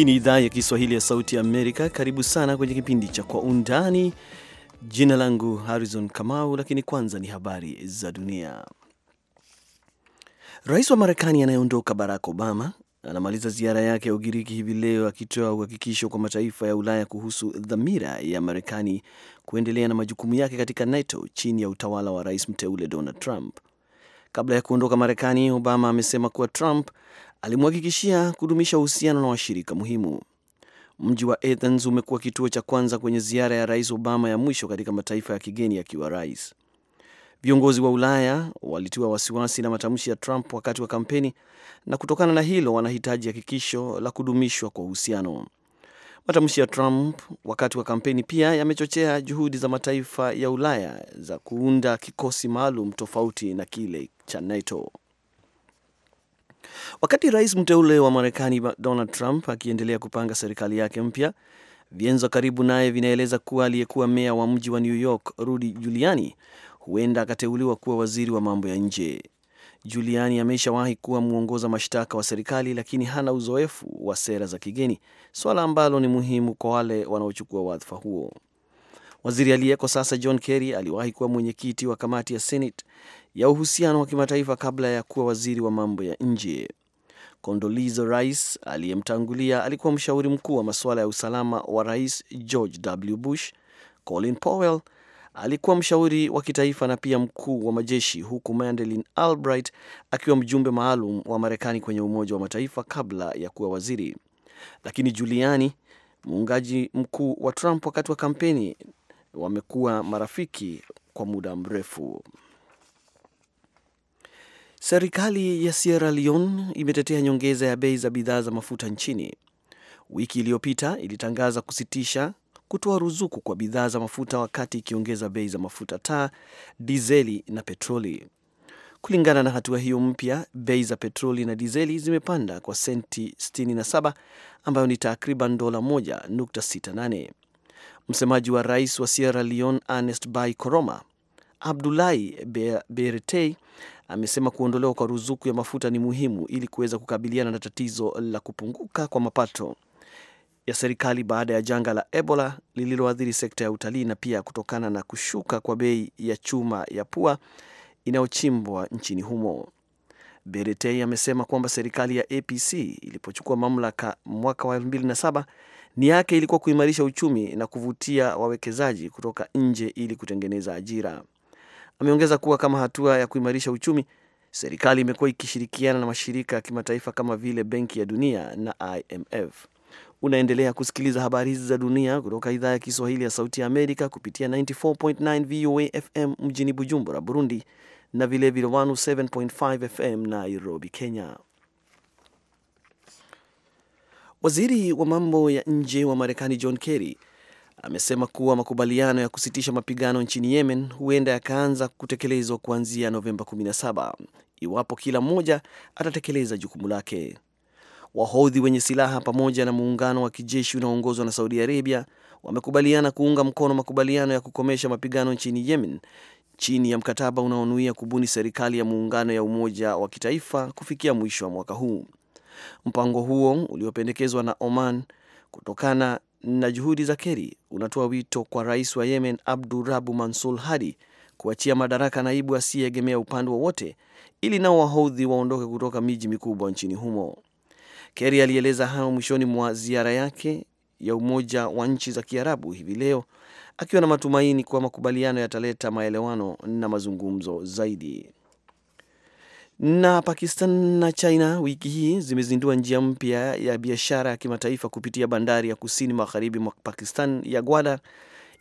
Hii ni idhaa ya Kiswahili ya Sauti ya Amerika. Karibu sana kwenye kipindi cha Kwa Undani. Jina langu Harrison Kamau, lakini kwanza ni habari za dunia. Rais wa Marekani anayeondoka Barack Obama anamaliza ziara yake ya Ugiriki hivi leo akitoa uhakikisho kwa mataifa ya Ulaya kuhusu dhamira ya Marekani kuendelea na majukumu yake katika NATO chini ya utawala wa rais mteule Donald Trump. Kabla ya kuondoka Marekani, Obama amesema kuwa Trump alimhakikishia kudumisha uhusiano na washirika muhimu. Mji wa Athens umekuwa kituo cha kwanza kwenye ziara ya Rais Obama ya mwisho katika mataifa ya kigeni akiwa rais. Viongozi wa Ulaya walitiwa wasiwasi na matamshi ya Trump wakati wa kampeni, na kutokana na hilo wanahitaji hakikisho la kudumishwa kwa uhusiano. Matamshi ya Trump wakati wa kampeni pia yamechochea juhudi za mataifa ya Ulaya za kuunda kikosi maalum tofauti na kile cha NATO. Wakati rais mteule wa Marekani Donald Trump akiendelea kupanga serikali yake mpya, vyanzo karibu naye vinaeleza kuwa aliyekuwa meya wa mji wa New York Rudy Giuliani huenda akateuliwa kuwa waziri wa mambo ya nje. juliani ameshawahi kuwa mwongoza mashtaka wa serikali, lakini hana uzoefu wa sera za kigeni, swala ambalo ni muhimu kwa wale wanaochukua wadhifa huo. Waziri aliyeko sasa John Kerry aliwahi kuwa mwenyekiti wa kamati ya Senate ya uhusiano wa kimataifa kabla ya kuwa waziri wa mambo ya nje. Condoleezza Rice aliyemtangulia alikuwa mshauri mkuu wa masuala ya usalama wa Rais George W. Bush. Colin Powell alikuwa mshauri wa kitaifa na pia mkuu wa majeshi, huku Madeleine Albright akiwa mjumbe maalum wa Marekani kwenye Umoja wa Mataifa kabla ya kuwa waziri. Lakini Giuliani, muungaji mkuu wa Trump wakati wa kampeni, wamekuwa marafiki kwa muda mrefu. Serikali ya Sierra Leone imetetea nyongeza ya bei za bidhaa za mafuta nchini. Wiki iliyopita ilitangaza kusitisha kutoa ruzuku kwa bidhaa za mafuta wakati ikiongeza bei za mafuta taa, dizeli na petroli. Kulingana na hatua hiyo mpya, bei za petroli na dizeli zimepanda kwa senti 67 ambayo ni takriban dola 1.68. Msemaji wa rais wa Sierra Leone Ernest Bai Koroma, Abdulahi Beretei, amesema kuondolewa kwa ruzuku ya mafuta ni muhimu ili kuweza kukabiliana na tatizo la kupunguka kwa mapato ya serikali baada ya janga la Ebola lililoathiri sekta ya utalii na pia kutokana na kushuka kwa bei ya chuma ya pua inayochimbwa nchini humo. Beretei amesema kwamba serikali ya APC ilipochukua mamlaka mwaka wa ni yake ilikuwa kuimarisha uchumi na kuvutia wawekezaji kutoka nje ili kutengeneza ajira. Ameongeza kuwa kama hatua ya kuimarisha uchumi, serikali imekuwa ikishirikiana na mashirika ya kimataifa kama vile Benki ya Dunia na IMF. Unaendelea kusikiliza habari hizi za dunia kutoka idhaa ya Kiswahili ya Sauti ya Amerika kupitia 94.9 VOA FM mjini Bujumbura, Burundi, na vilevile 107.5 FM Nairobi, Kenya. Waziri wa mambo ya nje wa Marekani John Kerry amesema kuwa makubaliano ya kusitisha mapigano nchini Yemen huenda yakaanza kutekelezwa kuanzia Novemba 17 iwapo kila mmoja atatekeleza jukumu lake. Wahodhi wenye silaha pamoja na muungano wa kijeshi unaoongozwa na Saudi Arabia wamekubaliana kuunga mkono makubaliano ya kukomesha mapigano nchini Yemen chini ya mkataba unaonuia kubuni serikali ya muungano ya umoja wa kitaifa kufikia mwisho wa mwaka huu. Mpango huo uliopendekezwa na Oman kutokana na juhudi za keri unatoa wito kwa rais wa Yemen Abdu Rabu Mansur Hadi kuachia madaraka naibu asiyeegemea upande wowote ili nao wahodhi waondoke kutoka miji mikubwa nchini humo. keri alieleza hayo mwishoni mwa ziara yake ya Umoja wa Nchi za Kiarabu hivi leo akiwa na matumaini kuwa makubaliano yataleta maelewano na mazungumzo zaidi. Na Pakistan na China wiki hii zimezindua njia mpya ya biashara ya kimataifa kupitia bandari ya kusini magharibi mwa Pakistan ya Gwadar,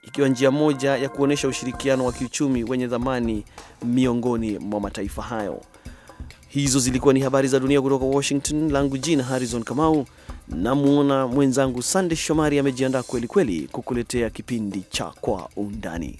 ikiwa njia moja ya kuonyesha ushirikiano wa kiuchumi wenye dhamani miongoni mwa mataifa hayo. Hizo zilikuwa ni habari za dunia kutoka Washington. Langu jina Harrison Kamau, namwona mwenzangu Sande Shomari amejiandaa kweli kweli kukuletea kipindi cha Kwa Undani.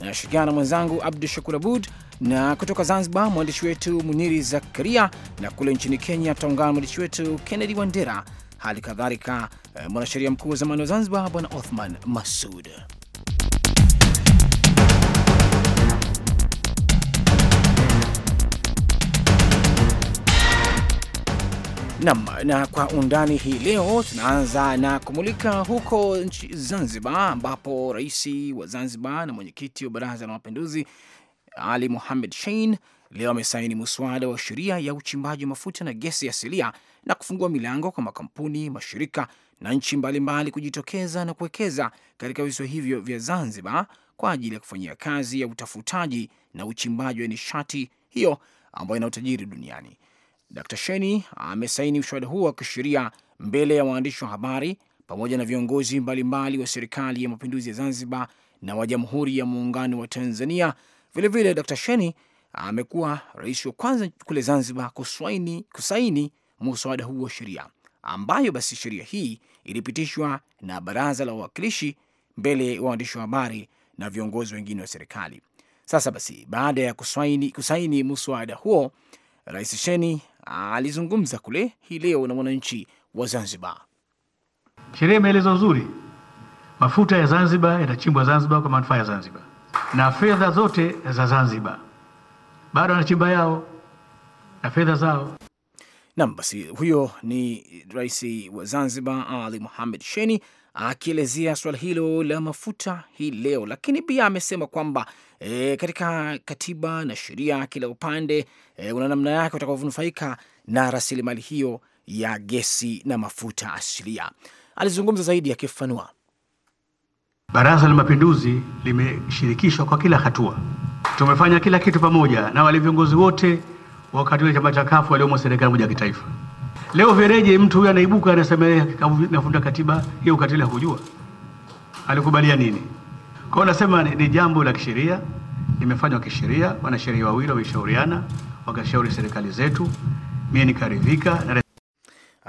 Nashirikiana na mwenzangu Abdu Shakur Abud, na kutoka Zanzibar mwandishi wetu Muniri Zakaria, na kule nchini Kenya tutaungana mwandishi wetu Kennedy Wandera, hali kadhalika eh, mwanasheria mkuu wa zamani wa Zanzibar Bwana Othman Masud. Nam na kwa undani hii leo tunaanza na kumulika huko nchi Zanzibar, ambapo rais wa Zanzibar na mwenyekiti wa Baraza la Mapinduzi Ali muhamed Shein leo amesaini muswada wa sheria ya uchimbaji wa mafuta na gesi asilia na kufungua milango kwa makampuni, mashirika na nchi mbalimbali kujitokeza na kuwekeza katika visiwa hivyo vya Zanzibar kwa ajili ya kufanyia kazi ya utafutaji na uchimbaji wa nishati hiyo ambayo ina utajiri duniani. Dr Sheni amesaini mswada huo wa kisheria mbele ya waandishi wa habari pamoja na viongozi mbalimbali mbali wa serikali ya mapinduzi ya Zanzibar na wa Jamhuri ya Muungano wa Tanzania. Vilevile vile Dr Sheni amekuwa rais wa kwanza kule Zanzibar kusaini, kusaini muswada huu wa sheria ambayo basi sheria hii ilipitishwa na Baraza la Wawakilishi mbele ya waandishi wa habari na viongozi wengine wa serikali. Sasa basi, baada ya kusaini muswada huo, Rais Sheni alizungumza kule hii leo na mwananchi wa Zanzibar. Sheria imeelezwa uzuri, mafuta ya Zanzibar yatachimbwa Zanzibar kwa manufaa ya Zanzibar na fedha zote za Zanzibar bado wanachimba yao na fedha zao. Nam, basi huyo ni rais wa Zanzibar Ali Mohamed Sheni akielezea suala hilo la mafuta hii leo, lakini pia amesema kwamba e, katika katiba na sheria kila upande e, una namna yake utakavyonufaika na rasilimali hiyo ya gesi na mafuta asilia. Alizungumza zaidi akifafanua, Baraza la Mapinduzi limeshirikishwa kwa kila hatua, tumefanya kila kitu pamoja na wale viongozi wote wakati wa chama cha Kafu waliomo serikali moja ya kitaifa Leo vereje mtu huyo anaibuka anasema nafunda katiba hiyo, ukatili hakujua alikubalia nini. Kwa nasema ni, ni jambo la kisheria limefanywa kisheria, wanasheria wawili wameshauriana wakashauri serikali zetu, mimi nikaridhika na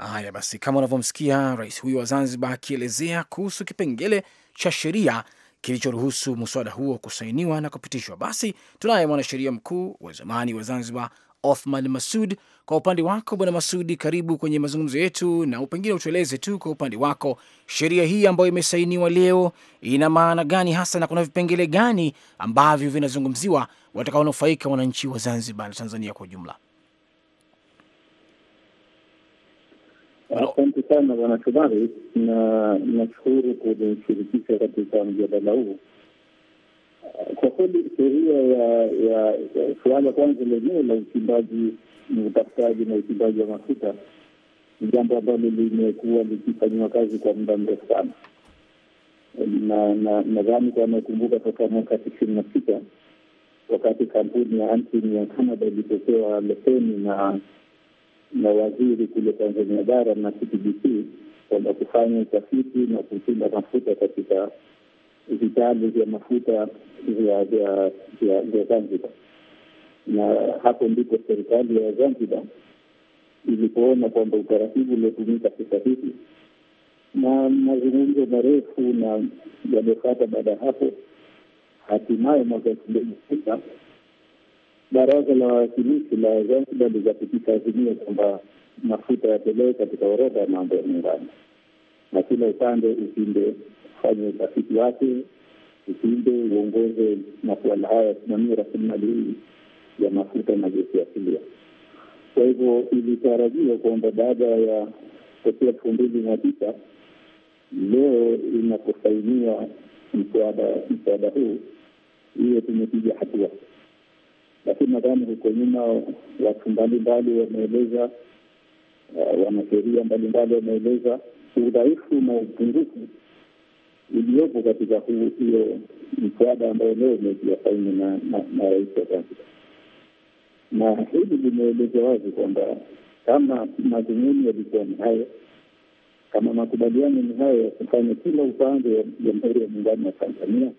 Haya basi, kama unavyomsikia rais huyo wa Zanzibar akielezea kuhusu kipengele cha sheria kilichoruhusu mswada huo kusainiwa na kupitishwa. Basi tunaye mwanasheria mkuu wa zamani wa Zanzibar Othman Masud. Kwa upande wako bwana Masudi, karibu kwenye mazungumzo yetu, na pengine utueleze tu kwa upande wako sheria hii ambayo imesainiwa leo ina maana gani hasa na kuna vipengele gani ambavyo vinazungumziwa watakaonufaika wananchi wa Zanzibar na Tanzania kwa ujumla? Asante sana bwana Shomari, na nashukuru kunishirikisha katika mjadala huu kwa kweli sheria ya ya suala kwanza lenyewe la uchimbaji na utafutaji na uchimbaji wa mafuta ni jambo ambalo limekuwa likifanyiwa kazi kwa muda mrefu sana, na nadhani kwa nakumbuka toka mwaka tisini na sita wakati kampuni ya antin ya Canada ilipopewa leseni na na waziri kule Tanzania bara na CTBC kwamba kufanya utafiti na kuchimba mafuta katika vitabu vya mafuta vya Zanzibar, na hapo ndipo serikali ya Zanzibar ilipoona kwamba utaratibu uliotumika sasa hivi na mazungumzo marefu na yamefata. Baada ya hapo, hatimaye mwaka elfu mbili sita baraza la wawakilishi la Zanzibar likapitisha azimio kwamba mafuta yatolewe katika orodha ya mambo ya nyumbani na kila upande upinde fanye utafiti wake, upinde, uongoze masuala haya, yasimamie rasilimali hii ya mafuta na gesi asilia. Kwa hivyo ilitarajiwa kwamba baada ya kutokea elfu mbili na tisa leo inaposainiwa mswada huu hiyo tumepiga hatua, lakini nadhani huko nyuma watu mbalimbali wameeleza, uh, wanasheria mbalimbali wameeleza udhaifu na upungufu iliyopo katika huu hiyo mswada ambayo leo umetia saini na rais wa Zanzibar, na hili limeeleza wazi kwamba kama madhumuni yalikuwa ni hayo, kama makubaliano ni hayo ya kufanya kila upande wa Jamhuri ya Muungano wa Tanzania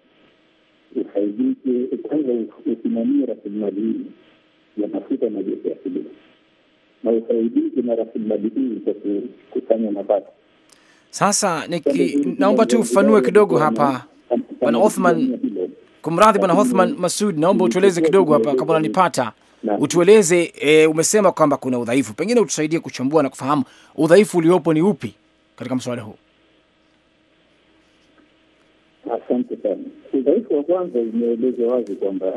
ufaidike, kwanza usimamie rasilimali hii ya mafuta na gesi asilia na ufaidike na rasilimali hii kwa kukusanya mapato sasa niki, naomba tu ufanue kidogo hapa Bwana Othman, kumradhi Bwana Othman Masud, naomba utueleze kidogo hapa kama unanipata, utueleze e, umesema kwamba kuna udhaifu, pengine utusaidie kuchambua na kufahamu udhaifu uliopo ni upi katika mswada huu. Asante sana. Udhaifu wa kwanza umeelezwa wazi kwamba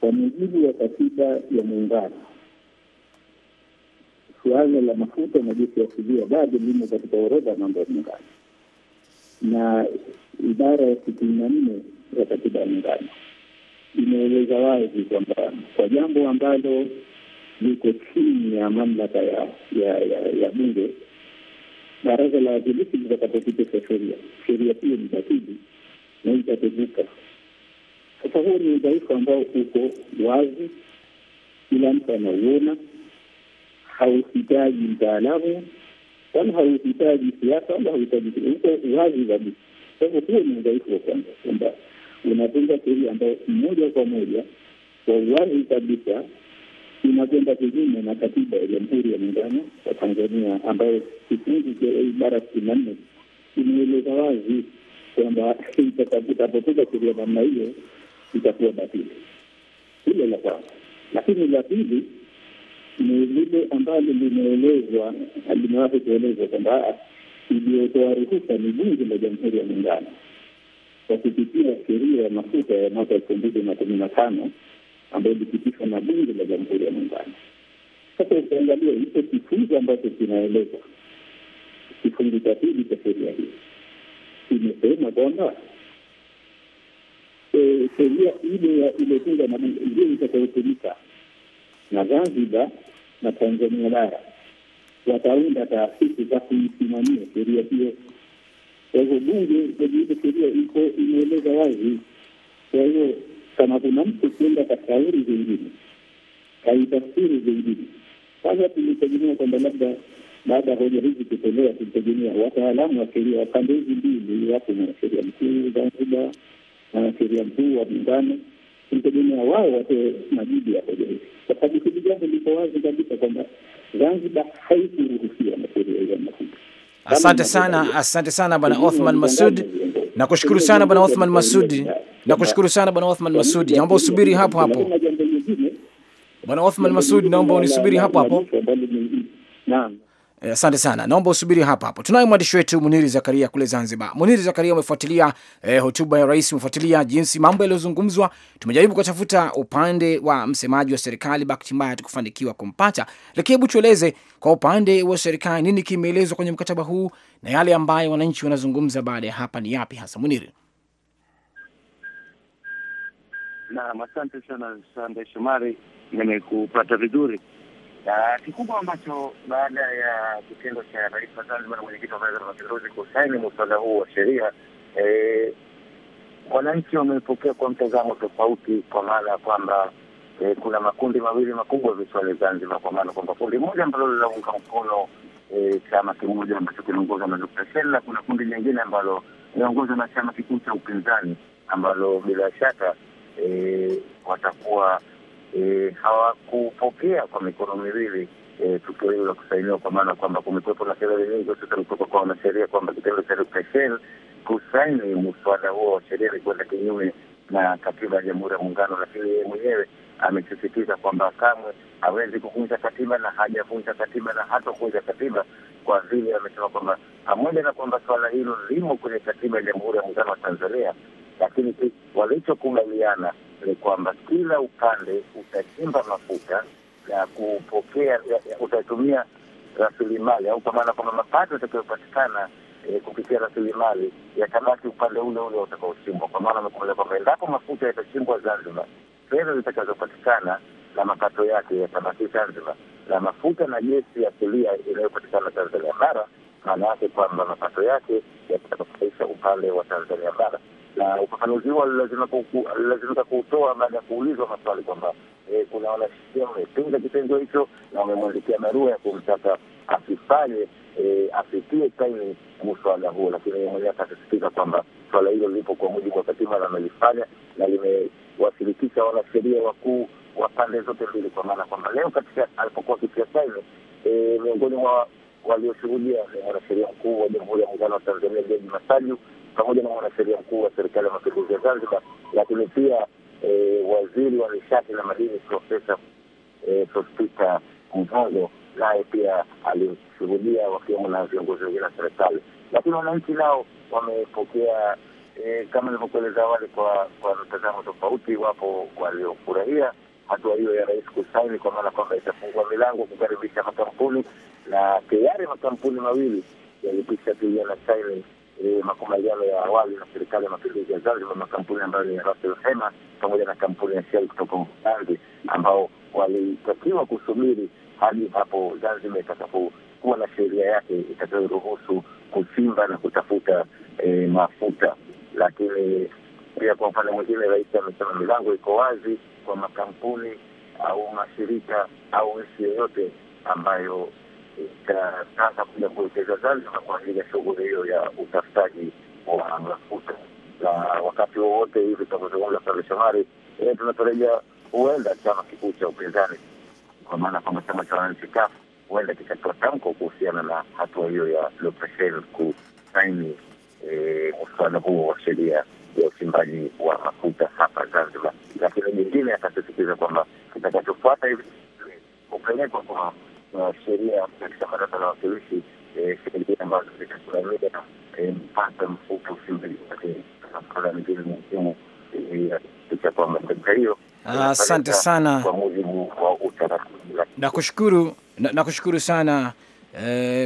kwa mujibu wa katiba ya Muungano suala la mafuta na ya asilia bado limo katika orodha ya mambo ya muungano, na ibara ya sitini na nne ya katiba ya muungano imeeleza wazi kwamba kwa jambo ambalo liko chini ya mamlaka ya ya, ya, ya bunge, baraza la wawakilishi litakapopitisha sheria, sheria hiyo ni batili na itateguka. Sasa huo ni udhaifu ambao uko wazi, kila mtu anauona hauhitaji mtaalamu wala hauhitaji siasa wala hauhitaji uko wazi kabisa. Kwa hivyo huo ni udhaifu wa kwanza, kwamba unatunga sheria ambayo moja kwa moja kwa uwazi kabisa inakwenda kinyume na katiba ya Jamhuri ya Muungano wa Tanzania ambayo kifungu cha ibara sitini na nne imeeleza wazi kwamba itakapotunga sheria namna hiyo itakuwa batili. Hilo la kwanza, lakini la pili ni lile ambalo limeelezwa limewahi kuelezwa kwamba iliyotoa ruhusa ni bunge la Jamhuri ya Muungano kwa kupitia sheria ya mafuta ya mwaka elfu mbili na kumi na tano ambayo ilipitishwa na bunge la Jamhuri ya Muungano. Sasa ukiangalia hicho kifungu ambacho kinaelezwa, kifungu cha pili cha sheria hii imesema kwamba eh, sheria ile iliyotungwa na bunge ndio itakayotumika na Zanzibar na Tanzania bara wataunda taasisi za kuisimamia sheria hiyo. Kwa hivyo bunge kwenye hizo sheria iko imeeleza wazi. Kwa hiyo kama kuna mtu kuenda kashauri zingine kaitafsiri zingine, kwanza tulitegemea kwamba labda baada ya hoja hizi kutolewa, tulitegemea wataalamu wa sheria wa pande hizi mbili, wapo mwanasheria mkuu Zanzibar, mwanasheria mkuu wa muungano kumtegemea wao watoe majibu ya hoja hizi, kwa sababu hili jambo liko wazi kabisa kwamba Zanzibar haikuruhusiwa na sheria ya hiyo. Asante sana, asante sana bwana Othman Masud, nakushukuru sana bwana Othman Masudi, nakushukuru sana bwana Othman Masudi. Naomba usubiri hapo hapo bwana Othman Masudi, naomba unisubiri hapo hapo. Naam. Eh, asante sana, naomba usubiri hapa hapo. Tunaye mwandishi wetu Muniri Zakaria kule Zanzibar. Muniri Zakaria, umefuatilia eh, hotuba ya rais, umefuatilia jinsi mambo yaliyozungumzwa. Tumejaribu kutafuta upande wa msemaji wa serikali, bahati mbaya hatukufanikiwa kumpata, lakini hebu tueleze kwa upande wa serikali, nini kimeelezwa kwenye mkataba huu na yale ambayo wananchi wanazungumza baada ya hapa ni yapi hasa, Muniri? Naam, asante sana, Sande Shomari, nimekupata vizuri. Ah, kikubwa ambacho baada ya kitendo cha rais wa Zanzibar na mwenyekiti wa Baraza la Mapinduzi kusaini muswada huu wa sheria, eh, wananchi wamepokea kwa mtazamo tofauti, kwa maana ya kwamba eh, kuna makundi mawili makubwa visiwani Zanzibar, kwa maana kwamba kundi moja ambalo linaunga mkono eh, chama kimoja ambacho kinaongozwa na Dkt. Shein na kuna kundi lingine ambalo linaongozwa na chama kikuu cha upinzani ambalo bila shaka watakuwa e, hawakupokea kwa mikono miwili e, tukio hilo la kusainiwa, kwa maana kwamba kumekuwepo na kelele nyingi hususan kutoka kwa wanasheria kwamba kitendo cha Shein kusaini mswada huo wa sheria ilikwenda kinyume na katiba ya Jamhuri ya Muungano, lakini yeye mwenyewe amesisitiza kwamba kamwe hawezi kuvunja katiba na hajavunja katiba na hatavunja katiba, kwa vile amesema kwamba pamoja na kwamba suala hilo limo kwenye katiba ya Jamhuri ya Muungano wa Tanzania, lakini walichokubaliana ni kwamba kila upande utachimba mafuta na kupokea, utatumia rasilimali au kwa maana kwamba mapato yatakayopatikana E, kupitia rasilimali yatabaki upande ule ule utakaochimbwa. Kwa maana amekubalia kwamba endapo mafuta yatachimbwa Zanzibar, fedha zitakazopatikana na mapato yake yatabaki Zanzibar, na mafuta na gesi asilia inayopatikana Tanzania bara maana yake kwamba mapato yake yatanufaisha upande wa Tanzania bara, na ufafanuzi huo alilazimika kuutoa baada ya kuulizwa maswali kwamba eh, kuna wanasheria wamepinga kitengo hicho na wamemwandikia barua ya kumtaka asifanye eh, asitie saini kuhusu swala huo, lakini mwenyewe akasisitiza kwamba swala hilo lipo kwa mujibu wa katiba na amelifanya na limewashirikisha wanasheria wakuu wa pande zote mbili, kwa maana kwamba leo katika alipokuwa akitia saini e, miongoni mwa walioshuhudia ni mwanasheria mkuu wa Jamhuri ya Muungano wa Tanzania Jaji Masaju pamoja na mwanasheria mkuu wa Serikali ya Mapinduzi ya Zanzibar, lakini pia e, waziri wa nishati na madini Profesa e, Prospita naye pia alishuhudia, wakiwemo na viongozi wengine wa serikali. Lakini wananchi nao wamepokea e, kama nilivyokueleza awali, kwa kwa mtazamo tofauti. Wapo waliofurahia hatua hiyo ya rais kusaini, kwa maana kwamba itafungua milango kukaribisha makampuni, na tayari makampuni mawili yalipisha pia na saini E, makubaliano ya awali na serikali ya mapinduzi ya Zanzibar, makampuni ambayo ni Russell Hema pamoja na kampuni ya Shell kutoka Uholanzi, ambao walitakiwa kusubiri hadi hapo Zanzibar itakapokuwa na sheria yake itakayoruhusu kuchimba na kutafuta e, mafuta. Lakini pia kwa upande mwingine, rais amesema milango iko wazi kwa makampuni au mashirika au nchi yoyote ambayo itataka kuja kuwekeza Zanzibar kwa ajili ya shughuli hiyo ya utafutaji wa mafuta. Na wakati wowote hivi tunazungumza, Sande Shomari, tunatarajia huenda chama kikuu cha upinzani kwa maana kwamba chama cha wananchi CUF huenda kikatoa tamko kuhusiana na hatua hiyo ya Lupeshen kusaini eh, muswada huo wa sheria ya uchimbaji wa mafuta hapa Zanzibar lakini akasisitiza kwamba kitakachofuata hivi kupelekwa kwa sheria katika baraza la wakilishi e, sheria ambazo zitasimamia e, mpaka mfupi usimbilizi katika mingine muhimu e, ya kwamba sekta hiyo. Ah, asante sana nakushukuru na, na utaratibu. Nakushukuru, nakushukuru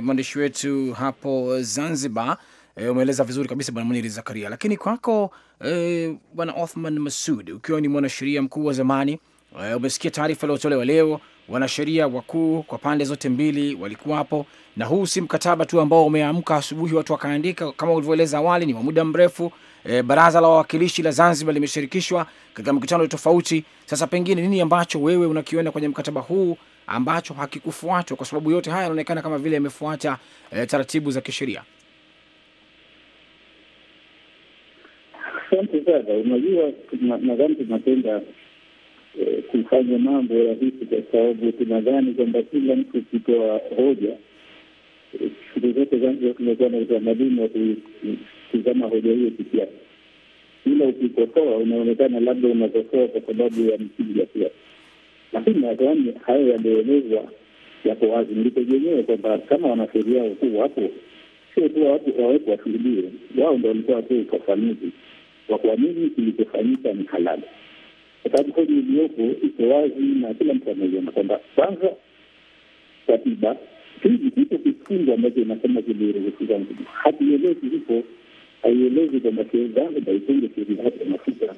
mwandishi wetu hapo Zanzibar. E, umeeleza vizuri kabisa bwana Muniri Zakaria, lakini kwako e, bwana Othman Masud ukiwa ni mwanasheria mkuu wa zamani e, umesikia taarifa iliyotolewa leo. Wanasheria wakuu kwa pande zote mbili walikuwa hapo, na huu si mkataba tu ambao umeamka asubuhi watu wakaandika, kama ulivyoeleza awali, ni wa muda mrefu. E, baraza la wawakilishi la Zanzibar limeshirikishwa katika mikutano tofauti. Sasa pengine nini ambacho wewe unakiona kwenye mkataba huu ambacho hakikufuatwa, kwa sababu yote haya yanaonekana kama vile yamefuata e, taratibu za kisheria? Asante sana. Unajua, nadhani tunapenda eh, kufanya mambo rahisi kwa sababu tunadhani kwamba kila mtu ukitoa hoja, eh, siku zote Zanzibar tumekuwa na utamaduni wa kutizama hoja hiyo kisiasa, ila ukikosoa unaonekana labda unakosoa kwa sababu ya msingi ya siasa, lakini nadhani hayo yaliyoelezwa yako wazi. Nilitegemea kwamba kama wanasheria wakuu wapo, sio tu wawepo washuhudie, wao ndo walikuwa tu ufafanuzi wa kuamini kilichofanyika ni halali, kwa sababu kweli iliyopo iko wazi na kila mtu anaiona kwamba kwanza katiba hizi kipo kifungu ambacho inasema ziliruhusu Zanzibar, hatuelezi hipo, haielezi kwamba Zanzibar itunge sheria hata mafuta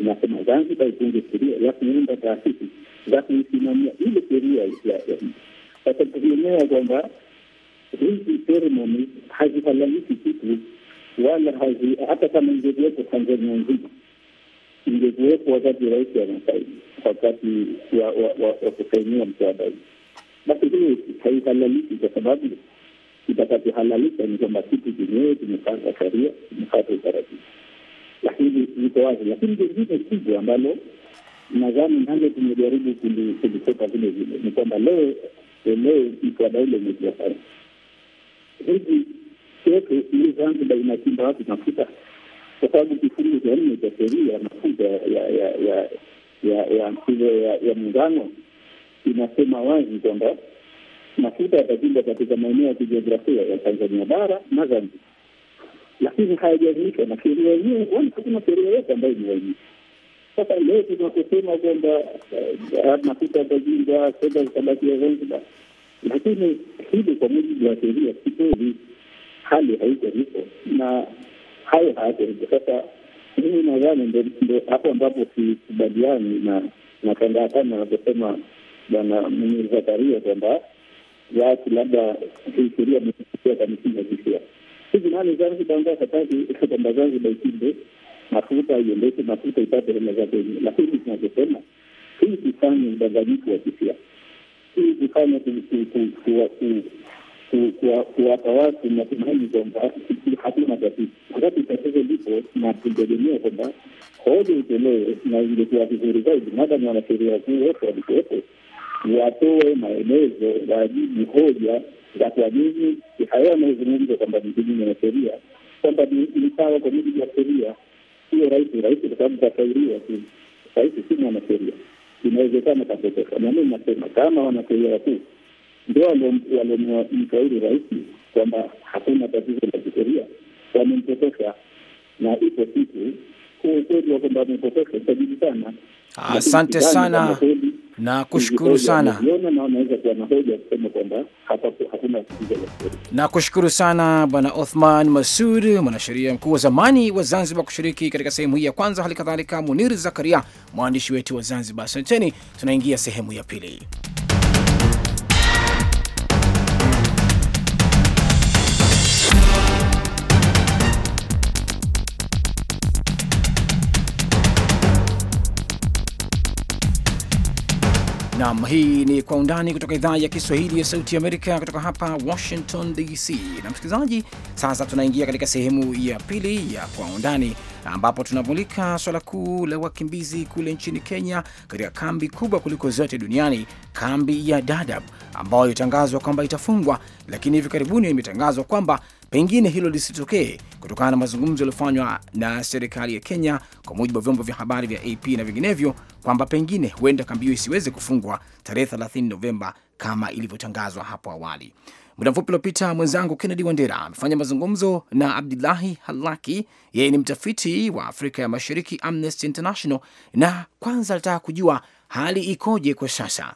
inasema Zanzibar itunge sheria ya kuunda taasisi za kuisimamia ile sheria ya sasa, tukionea kwamba hizi seremoni hazihalalishi kitu wala hazi, hata kama ingekuwepo Tanzania nzima ingekuwepo wakati rais anasaini wakati wa wa, kusainiwa mswada huu, basi hiyo haihalaliki kwa sababu kitakachohalalika ni kwamba kitu chenyewe kimefata sheria, kimefata utaratibu, lakini iko wazi. Lakini jengine kubwa ambalo nadhani nalo tumejaribu kulikwepa vile vile ni kwamba leo leo mswada ule umekuwa sana hivi yetu sijui Zanzibar inachimba wapi mafuta, kwa sababu kifungu cha nne cha sheria ya ya ya muungano inasema wazi kwamba mafuta yatachimbwa katika maeneo ya kijiografia ya Tanzania bara na Zanzibar, lakini hayajaainika na sheria yenyewe, kwani hakuna sheria yote ambayo imeainika. Sasa leo tunaposema kwamba eh, mafuta yatachimbwa, fedha zitabakia Zanzibar, lakini hili kwa mujibu wa sheria si kweli hali haija hivyo na hayo hayapo hivyo. Sasa mimi nadhani ndo hapo ambapo sikubaliani na nashangaa sana anaposema bwana Munir Zakaria kwamba watu labda kihistoria mekia kwa misingi ya kisia hivi. Nani Zanzibar ambayo hataki kwamba Zanzibar ikinde mafuta iendeshe mafuta ipate hela zake wenyewe, lakini tunachosema hii kifanye udanganyifu wa kisia hii kufanya kuwapa watu matumaini kwamba hatuna tatizo, wakati tatizo lipo, na tutegemea kwamba hoja itolewe, na ingekuwa vizuri zaidi madam wanasheria wakuu wote walikuwepo, watoe maelezo, wajibu hoja za kwa nini haya yanayozungumzwa kwamba ni kinyume na sheria, kwamba ni sawa kwa mujibu wa sheria. hiyo rahisi rahisi, kwa sababu kashauriwa tu. Rahisi si mwanasheria, inawezekana kapotosha. Na mimi nasema kama wanasheria wakuu ndo waliomshauri rahisi kwamba hakuna tatizo la kisheria, wamempotosha na ipo siku huu ukweli wa kwamba wamepotosha sana ah, Asante sana na kushukuru sana na kushukuru sana Bwana Othman Masud, mwanasheria mkuu wa zamani wa Zanzibar, kushiriki katika sehemu hii ya kwanza. Hali kadhalika Munir Zakaria, mwandishi wetu wa Zanzibar. Asanteni, tunaingia sehemu ya pili. Nam, hii ni Kwa Undani kutoka idhaa ya Kiswahili ya Sauti Amerika, kutoka hapa Washington DC. Na msikilizaji, sasa tunaingia katika sehemu ya pili ya Kwa Undani, ambapo tunamulika swala kuu la wakimbizi kule nchini Kenya, katika kambi kubwa kuliko zote duniani, kambi ya Dadaab ambayo ilitangazwa kwamba itafungwa, lakini hivi karibuni imetangazwa kwamba pengine hilo lisitokee kutokana na mazungumzo yaliyofanywa na serikali ya Kenya, kwa mujibu wa vyombo vya habari vya AP na vinginevyo, kwamba pengine huenda kambi hiyo isiweze kufungwa tarehe 30 Novemba kama ilivyotangazwa hapo awali. Muda mfupi uliopita mwenzangu Kennedy Wandera amefanya mazungumzo na Abdullahi Halaki, yeye ni mtafiti wa Afrika ya Mashariki Amnesty International, na kwanza alitaka kujua hali ikoje kwa sasa.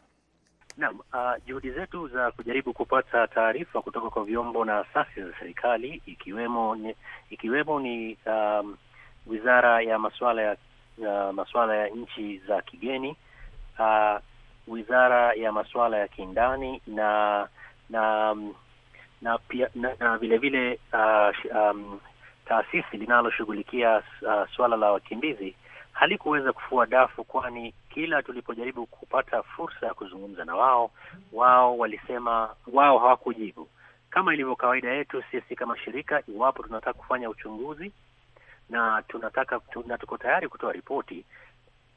Naam, uh, juhudi zetu za kujaribu kupata taarifa kutoka kwa vyombo na asasi za serikali ikiwemo ni, ikiwemo ni um, wizara ya masuala ya uh, masuala ya nchi za kigeni uh, wizara ya masuala ya kindani na na um, na pia na, na vile vile uh, um, taasisi linaloshughulikia uh, suala la wakimbizi halikuweza kufua dafu, kwani kila tulipojaribu kupata fursa ya kuzungumza na wao, wao walisema wao hawakujibu. Kama ilivyo kawaida yetu sisi kama shirika, iwapo tunataka kufanya uchunguzi na tunataka na tuko tayari kutoa ripoti,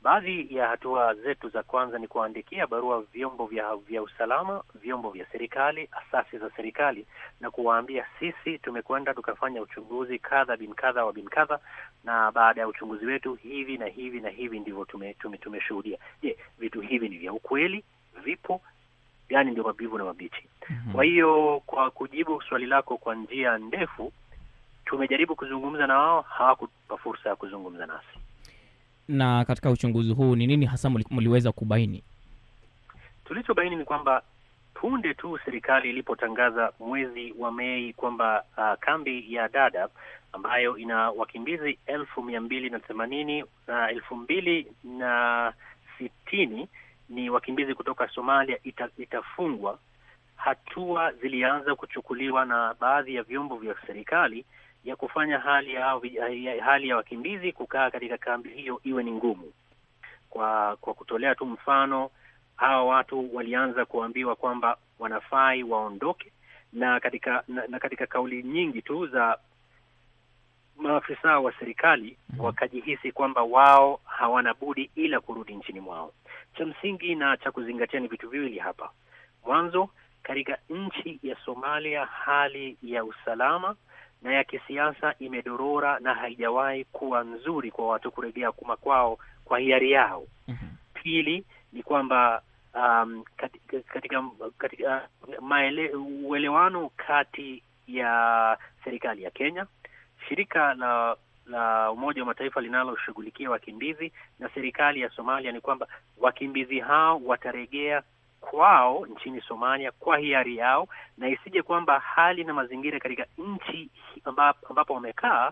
Baadhi ya hatua zetu za kwanza ni kuwaandikia barua vyombo vya, vya usalama, vyombo vya serikali, asasi za serikali na kuwaambia sisi tumekwenda tukafanya uchunguzi kadha bin kadha wa bin kadha, na baada ya uchunguzi wetu hivi na hivi na hivi ndivyo tumeshuhudia tume, tume. Je, vitu hivi ni vya ukweli? Vipo yani ndio mabivu na mabichi? mm -hmm. Kwa hiyo kwa kujibu swali lako kwa njia ndefu, tumejaribu kuzungumza na wao, hawakupa fursa ya kuzungumza nasi na katika uchunguzi huu ni nini hasa mliweza kubaini? Tulichobaini ni kwamba punde tu serikali ilipotangaza mwezi wa Mei kwamba uh, kambi ya dada ambayo ina wakimbizi elfu mia mbili na themanini na uh, elfu mbili na sitini ni wakimbizi kutoka Somalia ita, itafungwa, hatua zilianza kuchukuliwa na baadhi ya vyombo vya serikali ya kufanya hali ya, hali ya wakimbizi kukaa katika kambi hiyo iwe ni ngumu. Kwa kwa kutolea tu mfano, hawa watu walianza kuambiwa kwamba wanafai waondoke, na katika na, na katika kauli nyingi tu za maafisa wa serikali mm wakajihisi kwamba wao hawana budi ila kurudi nchini mwao. Cha msingi na cha kuzingatia ni vitu viwili hapa. Mwanzo, katika nchi ya Somalia hali ya usalama na ya kisiasa imedorora na haijawahi kuwa nzuri kwa watu kurejea kwao kwa hiari yao. mm -hmm. Pili ni kwamba um, katika, katika, katika maele, uelewano kati ya serikali ya Kenya, shirika la la Umoja wa Mataifa linaloshughulikia wakimbizi na serikali ya Somalia ni kwamba wakimbizi hao watarejea kwao nchini Somalia kwa hiari yao, na isije kwamba hali na mazingira katika nchi ambapo wamekaa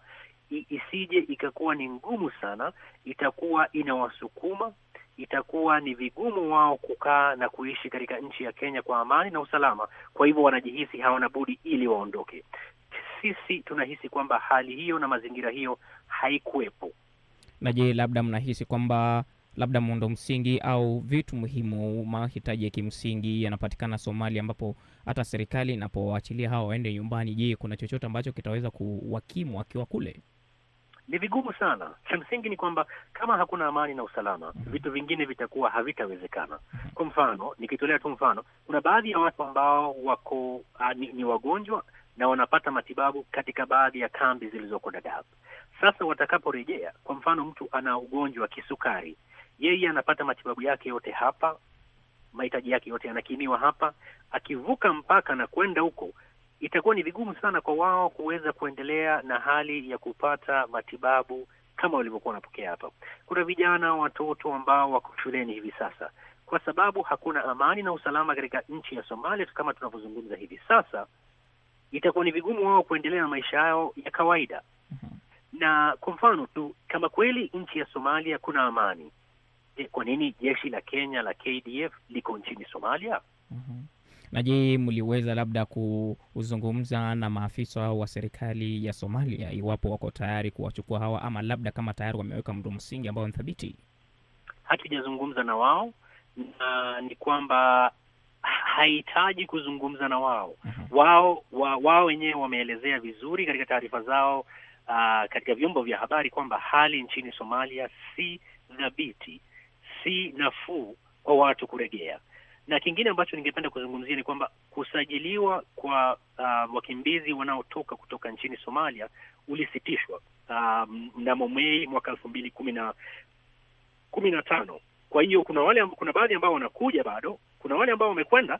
isije ikakuwa ni ngumu sana, itakuwa inawasukuma, itakuwa ni vigumu wao kukaa na kuishi katika nchi ya Kenya kwa amani na usalama. Kwa hivyo wanajihisi hawana budi ili waondoke. Sisi tunahisi kwamba hali hiyo na mazingira hiyo haikuwepo. Na je, labda mnahisi kwamba labda muundo msingi au vitu muhimu, mahitaji ya kimsingi yanapatikana Somalia, ambapo hata serikali inapowachilia hawa waende nyumbani, je, kuna chochote ambacho kitaweza kuwakimu akiwa kule? Ni vigumu sana. Cha msingi ni kwamba kama hakuna amani na usalama, mhm. vitu vingine vitakuwa havitawezekana. Mhm. Kwa mfano, nikitolea tu mfano, kuna baadhi ya watu ambao wako a, ni, ni wagonjwa na wanapata matibabu katika baadhi ya kambi zilizoko Dadaab. Sasa watakaporejea, kwa mfano, mtu ana ugonjwa wa kisukari yeye anapata matibabu yake yote hapa, mahitaji yake yote yanakimiwa hapa. Akivuka mpaka na kwenda huko, itakuwa ni vigumu sana kwa wao kuweza kuendelea na hali ya kupata matibabu kama walivyokuwa wanapokea hapa. Kuna vijana, watoto ambao wako shuleni hivi sasa, kwa sababu hakuna amani na usalama katika nchi ya Somalia kama tunavyozungumza hivi sasa, itakuwa ni vigumu wao kuendelea na maisha yao ya kawaida. Mhm. Na kwa mfano tu, kama kweli nchi ya Somalia kuna amani Je, eh, kwa nini jeshi la Kenya la KDF liko nchini Somalia? mm-hmm. Na je, mliweza labda kuzungumza na maafisa wa serikali ya Somalia iwapo wako tayari kuwachukua hawa ama labda kama tayari wameweka mdo msingi ambao ni thabiti? Hatujazungumza na wao na ni kwamba hahitaji kuzungumza na wao. uh mhm. -huh. Wao wa, wao wenyewe wameelezea vizuri katika taarifa zao uh, katika vyombo vya habari kwamba hali nchini Somalia si thabiti si nafuu kwa watu kurejea. Na kingine ambacho ningependa kuzungumzia ni kwamba kusajiliwa kwa uh, wakimbizi wanaotoka kutoka nchini Somalia ulisitishwa uh, mnamo Mei mwaka elfu mbili kumi na kumi na tano. Kwa hiyo kuna wale, kuna baadhi ambao wanakuja bado, kuna wale ambao wamekwenda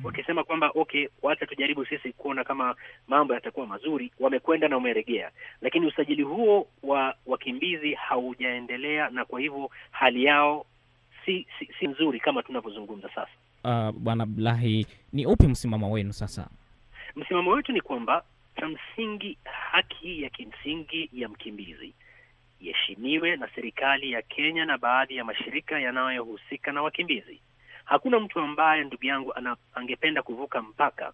Mhm. wakisema kwamba okay, wacha tujaribu sisi kuona kama mambo yatakuwa mazuri. Wamekwenda na wameregea, lakini usajili huo wa wakimbizi haujaendelea, na kwa hivyo hali yao si, si, si nzuri kama tunavyozungumza sasa. Uh, Bwana Blahi, ni upi msimamo wenu sasa? Msimamo wetu ni kwamba cha msingi, haki ya kimsingi ya mkimbizi iheshimiwe na serikali ya Kenya na baadhi ya mashirika yanayohusika na wakimbizi. Hakuna mtu ambaye ndugu yangu ana, angependa kuvuka mpaka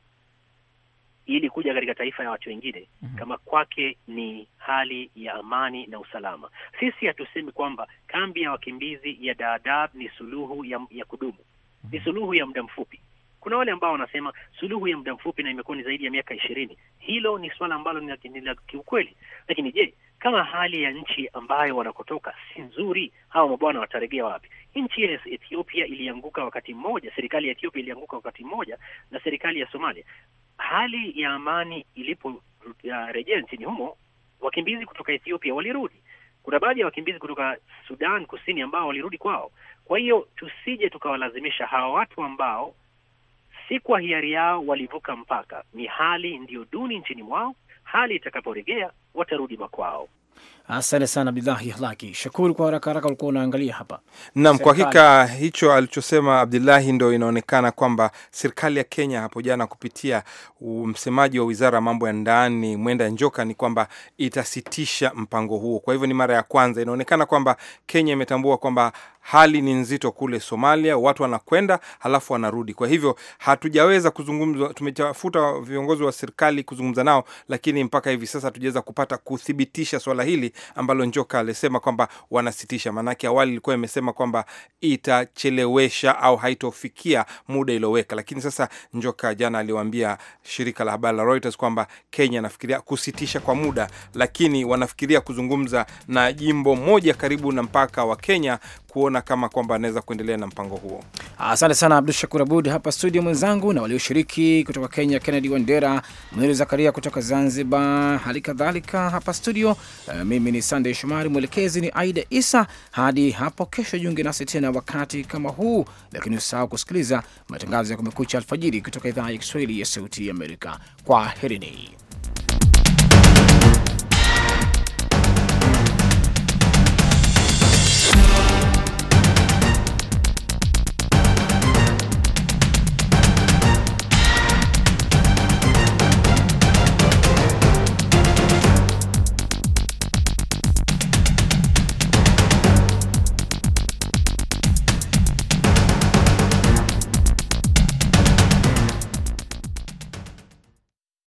ili kuja katika taifa ya watu wengine mm -hmm. Kama kwake ni hali ya amani na usalama. Sisi hatusemi kwamba kambi ya wakimbizi ya Dadaab ni suluhu ya, ya kudumu mm -hmm. Ni mhm. suluhu ya muda mfupi kuna wale ambao wanasema suluhu ya muda mfupi na imekuwa ni zaidi ya miaka ishirini. Hilo ni suala ambalo ni la kiukweli, lakini je, kama hali ya nchi ambayo wanakotoka si nzuri, hawa mabwana wataregea wapi? Nchi ya Ethiopia ilianguka wakati mmoja, serikali ya Ethiopia ilianguka wakati mmoja na serikali ya Somalia. Hali ya amani iliporejea nchini humo, wakimbizi kutoka Ethiopia walirudi. Kuna baadhi ya wakimbizi kutoka Sudan Kusini ambao walirudi kwao. Kwa hiyo tusije tukawalazimisha hawa watu ambao si kwa hiari yao walivuka mpaka. Ni hali ndiyo duni nchini mwao. Hali itakaporegea watarudi makwao. Asante sana Abdullahi Halaki shukuru kwa haraka haraka ulikuwa unaangalia hapa. Naam, kwa hakika hicho alichosema Abdullahi ndo inaonekana kwamba serikali ya Kenya hapo jana kupitia msemaji wa wizara ya mambo ya ndani Mwenda Njoka ni kwamba itasitisha mpango huo. Kwa hivyo ni mara ya kwanza inaonekana kwamba Kenya imetambua kwamba hali ni nzito kule Somalia, watu wanakwenda halafu wanarudi. Kwa hivyo hatujaweza kuzungumza, tumetafuta viongozi wa serikali kuzungumza nao, lakini mpaka hivi sasa hatujaweza kupata kuthibitisha swala hili ambalo Njoka alisema kwamba wanasitisha. Maanake awali ilikuwa imesema kwamba itachelewesha au haitofikia muda iloweka, lakini sasa Njoka jana aliwaambia shirika la habari la Reuters kwamba Kenya anafikiria kusitisha kwa muda, lakini wanafikiria kuzungumza na jimbo moja karibu na mpaka wa Kenya kuona kama kwamba anaweza kuendelea na mpango huo. Asante sana Abdu Shakur Abud hapa studio mwenzangu na walioshiriki kutoka Kenya, Kennedy Wandera, mweri Zakaria kutoka Zanzibar, hali kadhalika hapa studio. Uh, mimi ni Sandey Shomari, mwelekezi ni Aida Isa. Hadi hapo kesho, jiunge nasi tena wakati kama huu, lakini usahau kusikiliza matangazo ya Kumekucha alfajiri kutoka idhaa ya Kiswahili ya Sauti ya Amerika. Kwaherini.